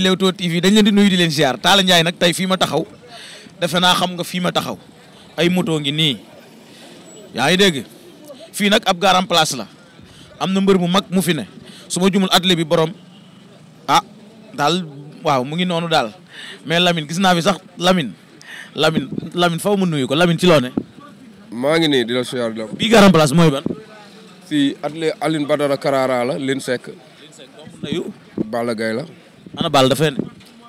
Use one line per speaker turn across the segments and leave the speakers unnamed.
Leewtoo TV dañ leen di nuyu di leen ziar Talla Ndiaye nag tey fii a taxaw defe naa xam nga fii ma taxaw ay moto ngi nii yaa ngi dégg fii nag ab garam place la am na mbër mu mag mu fi ne su ma jumul atlet bi borom a ah, daal waaw mu ngi noonu daal mais Lamine gis naa fi sax Lamine Lamine Lamine mu
nuyu ko Lamine ci loo ne. maa ngi nii di la ziar di la. bii garam place mooy ban. si atlet la. ana Balla dafa ne.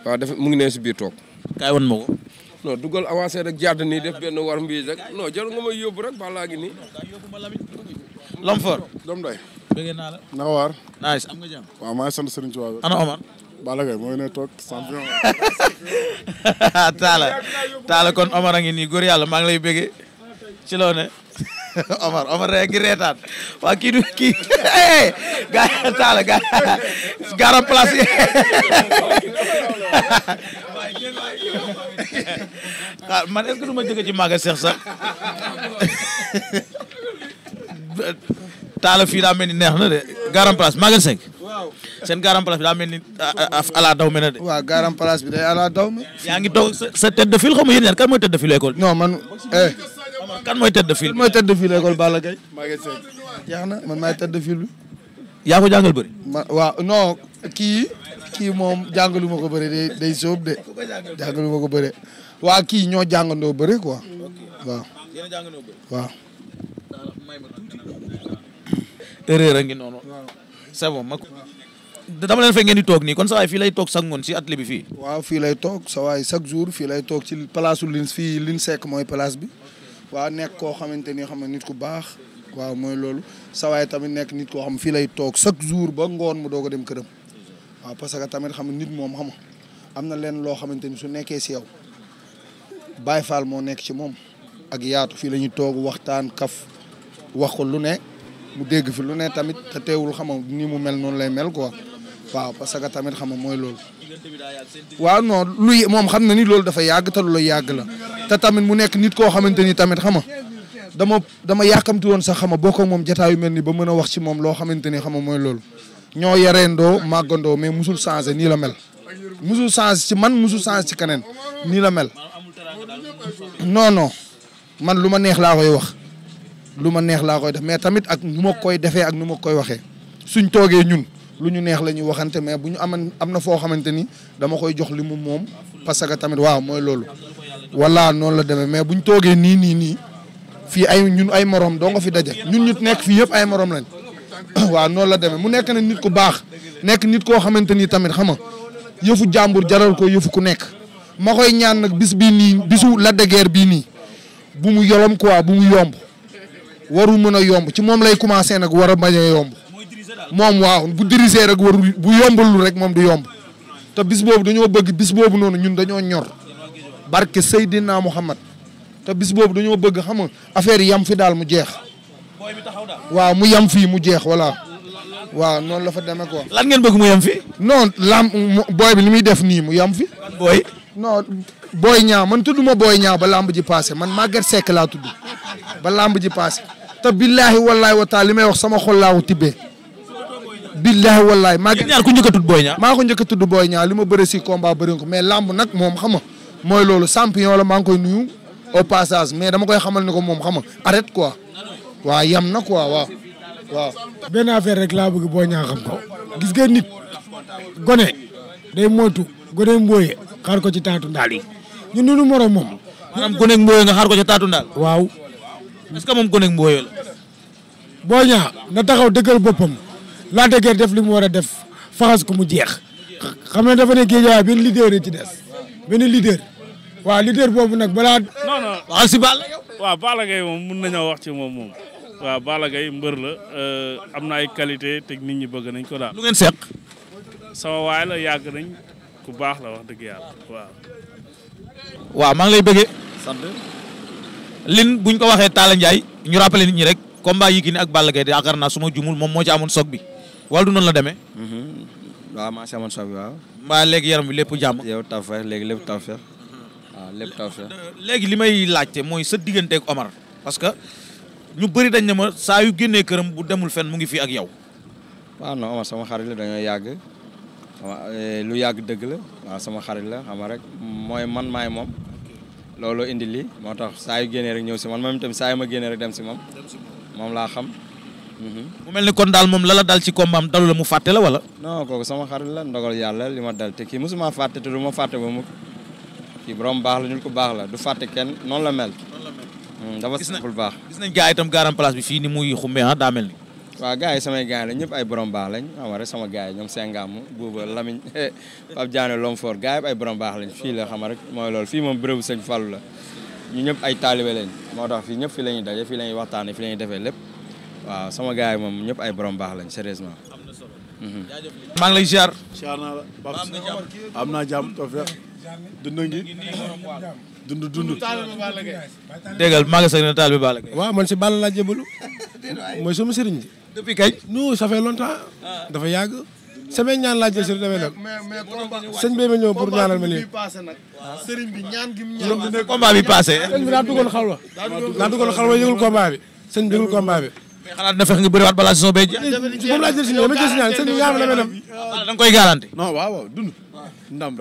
waaw si biir toog. kaay wan ma ko. dugal avancé rek jàdd nii def benn war mbii rek non jarul nga may yóbbu rek Balla gi nii. Lomfor. Dom
doy. bëgg naa la. na waar. nice am nga jàmm. waaw maa ngi sant ana Omar. Balla Gaye mooy ne toog
taala taala kon Omar a ngi nii góor yàlla maa ngi lay bëggee ci Omar Omar rek ngi reetaan waa kii du kii gaa taala gaa place yi ah, man est-ce que ma ci Maga Cheikh sax fii daa mel ni neex na de garam place Maga Cheikh seen garam place bi daa mel ni ala daw
me de waaw place bi day ala daw yaa ngi toog sa tête de file xamu yéen ñaar kan mooy tête de file école non man eh. kan mooy tête de file. kan mooy de file école Balla Gaye. jeex na man maay de file bi. yaa ko jàngal bëri. ma waaw non kii kii moom jàngalu ma ko bëri day day sóob de jàngalu ko bëri waa kii ñoo jàngandoo bëri quoi waaw waaw. a ngi
noonu. c'est bon ma. dama leen fekk
ngeen di toog nii kon sa fii lay toog sax ngoon si atelier bi fii. waaw fii lay toog sa waay chaque jour fii lay toog ci place su lin fii lin sec mooy place bi. waaw nekk koo xamante ni xam nga nit ku baax waaw mooy loolu sawaay tamit nekk nit koo xam fii lay toog chaque jour ba ngoon mu doog a dem këram waaw parce que tamit xam nit moom xam am na leen loo xamante ni su nekkee si yow Baye Fall moo nekk ci moom ak yaatu fii lañuy toog waxtaan kaf wax ko lu ne mu dégg fi lu ne tamit te teewul xam ni mu mel noonu lay mel quoi waaw parce que tamit xam mooy loolu. waaw non luy moom xam na ni loolu dafa yàgg te lu la yàgg la te tamit mu nekk nit koo xamante ni tamit xam nga dama dama yàkkamti woon sax xama boo ko moom jataayu mel ni ba mën a wax ci moom loo xamante ni xama mooy loolu ñoo yareendoo màggandoo mais musul changé nii la mel musul changé man musul changé keneen nii la mel non non man lu ma neex laa koy wax lu ma neex laa koy def mais tamit ak nu ma koy defee ak nu ma koy waxee suñ toogee ñun lu ñu neex la ñuy waxante mais bu ñu aman am na foo xamante ni dama koy jox li mu moom parce que tamit waaw mooy loolu wala noonu la demee mais bu ñu toogee nii nii nii fii ay ñun ay morom doo fi daje ñun ñu nekk fii yëpp ay morom lañ waaw noonu la demee mu nekk na nit ku baax nekk nit koo xamante ni tamit xam nga yëfu jàmbur jaral ko yëfu ku nekk ma koy ñaan nag bis bii nii bisu la degeer bii nii bu mu yolom quoi bu mu yomb waru mën a yomb ci moom lay commencé nag war a bañ yomb moom waaw bu diriger rek war bu yombul rek moom du yomb te bis boobu dañoo bëgg bis boobu noonu ñun dañoo ñor barke Seydina Muhammad te bis boobu dañoo bëgg xam nga affaire yam fi daal mu jeex waaw mu yam fii mu jeex voilà waaw noonu la fa demee ko lan ngeen bëgg mu yam fi noon lam booy bi li muy def nii mu yam fi. booy. booy ñaa man tudd ma booy ñaa ba lamb ji passé man Maguette Seck laa tudd ba lamb ji passé te billaahi wallaahi wa taala li may wax sama xol laa ko billaahi wallaahi. maa ngi ñaar ku njëkk a tudd Boy Niang. maa a tudd Boy Niang li ma bëre si lamb nag moom xam nga mooy loolu champion la maa ngi koy nuyu au passage mais dama koy xamal ni ko moom xam nga arrête quoi waaw yam na quoi waaw waaw.
benn affaire rek laa bëgg Boy Niang xam ko gis nga nit gone day moytu gone mbooye ko ci taatu ndaal yi ñun nunu moro moom. maanaam gone mbooye nga xaar
ko ci taatu ndaal. waaw. est moom gone mbooye la. Boy taxaw
dëggal boppam. Lac de def li mu war a def faxas ko mu jeex xam ne dafa ne géejawaay benn leader ci des benn leader waaw leader boobu nag balaa. non non waaw si Balla. waaw Balla Gaye moom mun nañoo wax ci moom moom. waa Balla Gaye mbër la euh, am na ay qualité te nit ñi bëgg nañ ko daal. lu ngeen seq. sama waay la yàgg nañ ku baax la wax dëgg yàlla waaw. maa ngi lay bëggee. sant.
lin buñ ko waxee Talla Ndiaye ñu rappelé nit ñi rek combat Yékini ak Balla Gaye yaakaar naa su jumul moom moo ci amoon soog wallu noonu la demee.
Mm-hmm. waaw maa si amoon waaw. mbaa léegi yaram bi lépp jàmm. yow tawfeex léegi lépp tawfeex waaw léegi li may laajte
mooy sa digganteeg Omar parce que ñu bëri dañ ne ma saa yu génnee këram bu demul fen mu ngi fi
ak yow. waaw non Omar sama xarit la dañoo yàgg eh, lu yàgg dëgg la waaw sama xarit la xam rek mooy man maay moom. looloo indi lii moo tax saa yu génnee rek ñëw si man moom tamit saa yu ma génnee rek dem si moom moom laa xam Mm-hmm. mu mel ni
kon daal moom la la dal ci kombaam dalu la mu fàtte la wala.
non kooku sama xarit la ndogal yàlla li ma dal te kii mosuma fàtte te du ma fàtte ba mu kii borom baax la ñun ko baax la du fàtte kenn noonu la mel. Mm, dafa simple baax
gis nañ gars yi itam garam place fii ni muy xumbe ah daa mel ni
yi samay gars la ñëpp borom baax lañ xam nga rek sama gars yi ñoom Sengam Bouba Lamine Pape Diané Lomfor gars yi ay borom baax lañ fii la xam nga rek mooy loolu fii moom bérébu sëñ Fallou la ñu ñëpp ay taalibe lañ moo tax fii ñëpp fii la ñuy daje fii la ñuy waxtaane la ñuy defee lépp waaw sama gars yi moom ñëpp ay borom baax lañ sérieusement. Mhm. maa ngi lay ziar. ziar naa la Pape am naa jàmm tawfeex dund ngi dund dund.
déggal maa ngi sëg na taal bi Balla Gaye. waaw man si Balla laa jébbalu mooy sama sëriñ bi. depuis kañ. non ça fait ah. dafa yàgg. semaine ñaan laa jël sëriñ damay nag. sëñ bi ñaan gi mu ñëw combat bi passé. sëñ bi daa duggoon xalwa
daa duggoon xalwa yëgul
combat bi sëñ bi yëgul combat mais xalaat na fex nga bëriwaat balaa saison bee jeex. si ñoom dama jël si ñaar ah, koy garanti. non
waaw waaw dund. ndam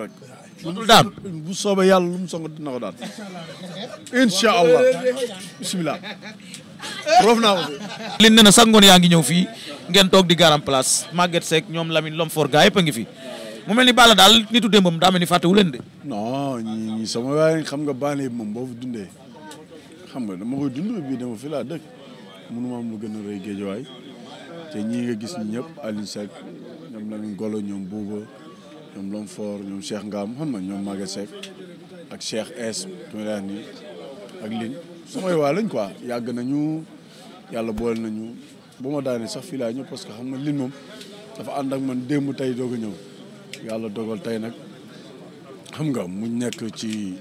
bu soobee yàlla lu mu song dina ko daan. incha allah
na sax ngoon yaa ngi ñëw fii ngeen toog di garam place Maguette sek ñoom Lamine Lomfor gaa yëpp a ngi fi. mu mel ni bala daal nitu démbam daa mel ni fàttewu leen de.
non ñi sama waay xam nga Balla moom boo fa dundee xam nga dama koy dund bi dama fi dëkk. mënuma am mu gën a rëy géejuwaay te ñii nga gis ñi ñëpp Alioune Seck ñoom Lamine Golo ñoom Bouba ñoom Lomfor ñoom Cheikh ngaam xam na ñoom Maguette Seck ak Cheikh S ma nii ak Lin samay waa lañ quoi yàgg nañu yàlla boole nañu bu ma daanee sax fii laa parce que xam nga Lin moom dafa ànd ak man démb tey doog a ñëw yàlla dogal tey nag xam nga mu nekk ci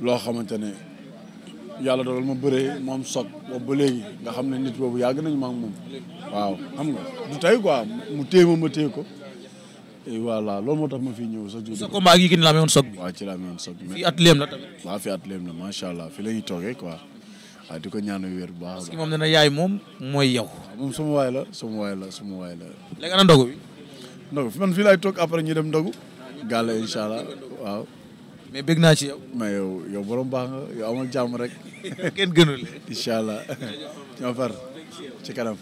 loo xamante ne. yàlla dogal ma bëree moom soog boobu ba léegi nga xam ne nit boobu yàgg nañu ma ak moom waaw xam nga du tey quoi mu téye ma ma téye ko et voilà loolu moo tax ma fi ñëw sax. sa combat ak Yékini la amee woon soog bi. waaw ci la amee woon soog bi fii at leem la tamit. fii at allah fi la ñuy toogee quoi waaw ko ñaanal wér bu moom nee yaay moom mooy yow. moom sama waay la sama waay la sama waay la. léegi ana ñu dem ndogu. gàll incha allah waaw. mais bëgg naa ci yow. mais yow yow borom baax nga yow amal jàmm rek. kenn gënul incha allah ñoo far ci kanam.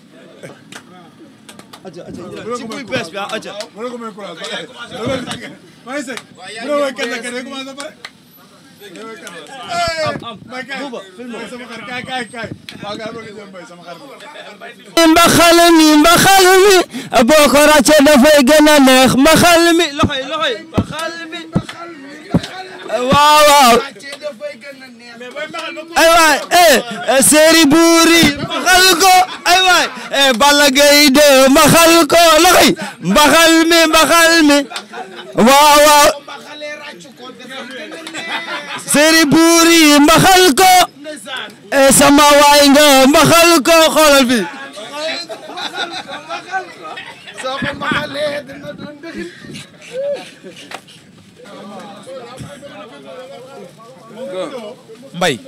aja aja ci kuy bees bi aja ah, mo ko may courage ma ngi sëg mo way kenn kenn ko ma sa pare
mbaxal mi mbaxal mi boo ko ràccee dafay gën a neex mbaxal mi
loxoy loxoy mbaxal
mi waaw waaw ay eh, eh, buuri mbaxal ko ay waay eh Balla Gaye de mbaxal waaw waaw buuri mbaxal
eh, sama waay nga mbaxal xoolal bi
Mbaye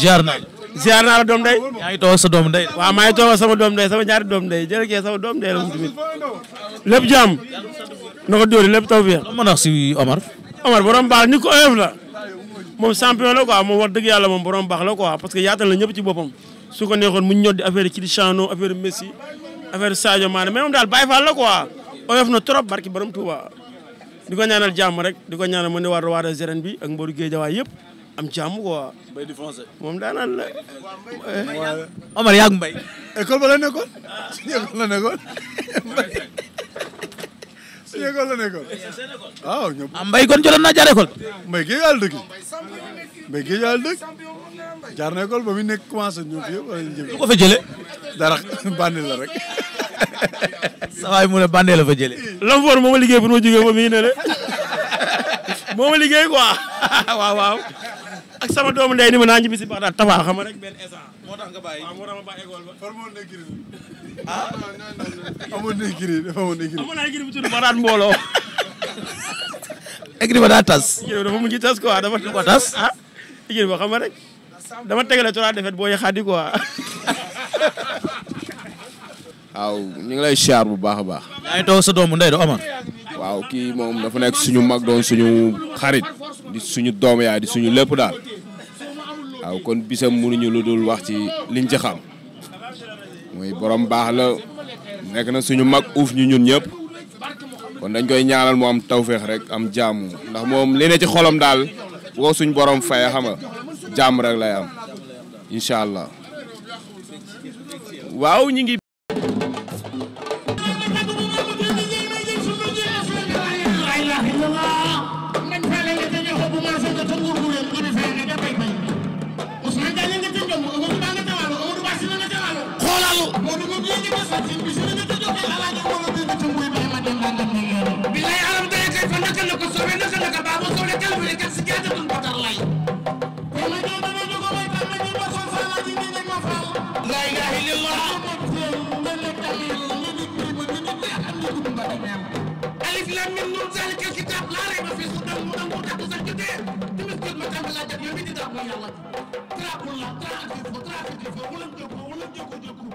ziar naa ziar naa la doom day yaa ngi toog ak sa doom day waaw maa ngi toog ak sama doom day sama ñaari doom day jërëjëf sama doom day la mu tamit lépp jàmm na ko dóori lépp taw bi a si Omar Omar borom baax nit ko la moom champion la quoi moom wax dëgg yàlla borom baax la parce que yaatal na ñëpp ci boppam su ko neexoon mu ñoddi affaire Cristiano affaire Messi affaire Sadio Mané mais moom daal Baye Fall la quoi na trop barki borom Touba di ko ñaanal jàmm rek di ko ñaanal mu ne waa roi des arènes bi ak mboru géejawaay yëpp am jàmm quoi. Mbaye di foncé moom
daanaan la. Omar yaa ngi Mbaye. école ba la nekkoon suñu école la nekkoon suñu école la nekkoon waaw. ah Mbaye kon jëloon naa jaar école. Mbaye géejawaay dëkk Mbaye géejawaay dëkk jaar na école ba muy nekk commencé ñëw ñu jëm. lu
sa waay mu ne bandee la fa jëlee.
Lamfor moo ma liggéey pour ma jógee ba mii ne de ma liggéey quoi waaw waaw. ak sama doomu ndey ma naa ñibbi si Baxdaad
tabax xam rek benn instant. moo tax nga bàyyi waaw moo tax ma ah? Ah, daa
tas. kiri dafa mujj tas quoi dafa. Ah, waaw ñu ngi lay siyaar bu baax a baax. yaa ngi toog sa doomu do Omar. waaw kii moom dafa nekk suñu mag doon
suñu xarit suñu doom yaay suñu lépp daal kon bisam mënuñu lu dul wax ci liñ ci xam mooy borom baax la nekk na suñu mag uuf ñu ñun ñëpp kon dañ koy ñaanal moom am tawféex rek am jaamu ndax moom li ci xolam daal woo suñu borom fay xam nga jàmm rek lay am
incha allah waaw ñu
yàlla trappul la trappul ko trappul ko wala nga ko wala nga ko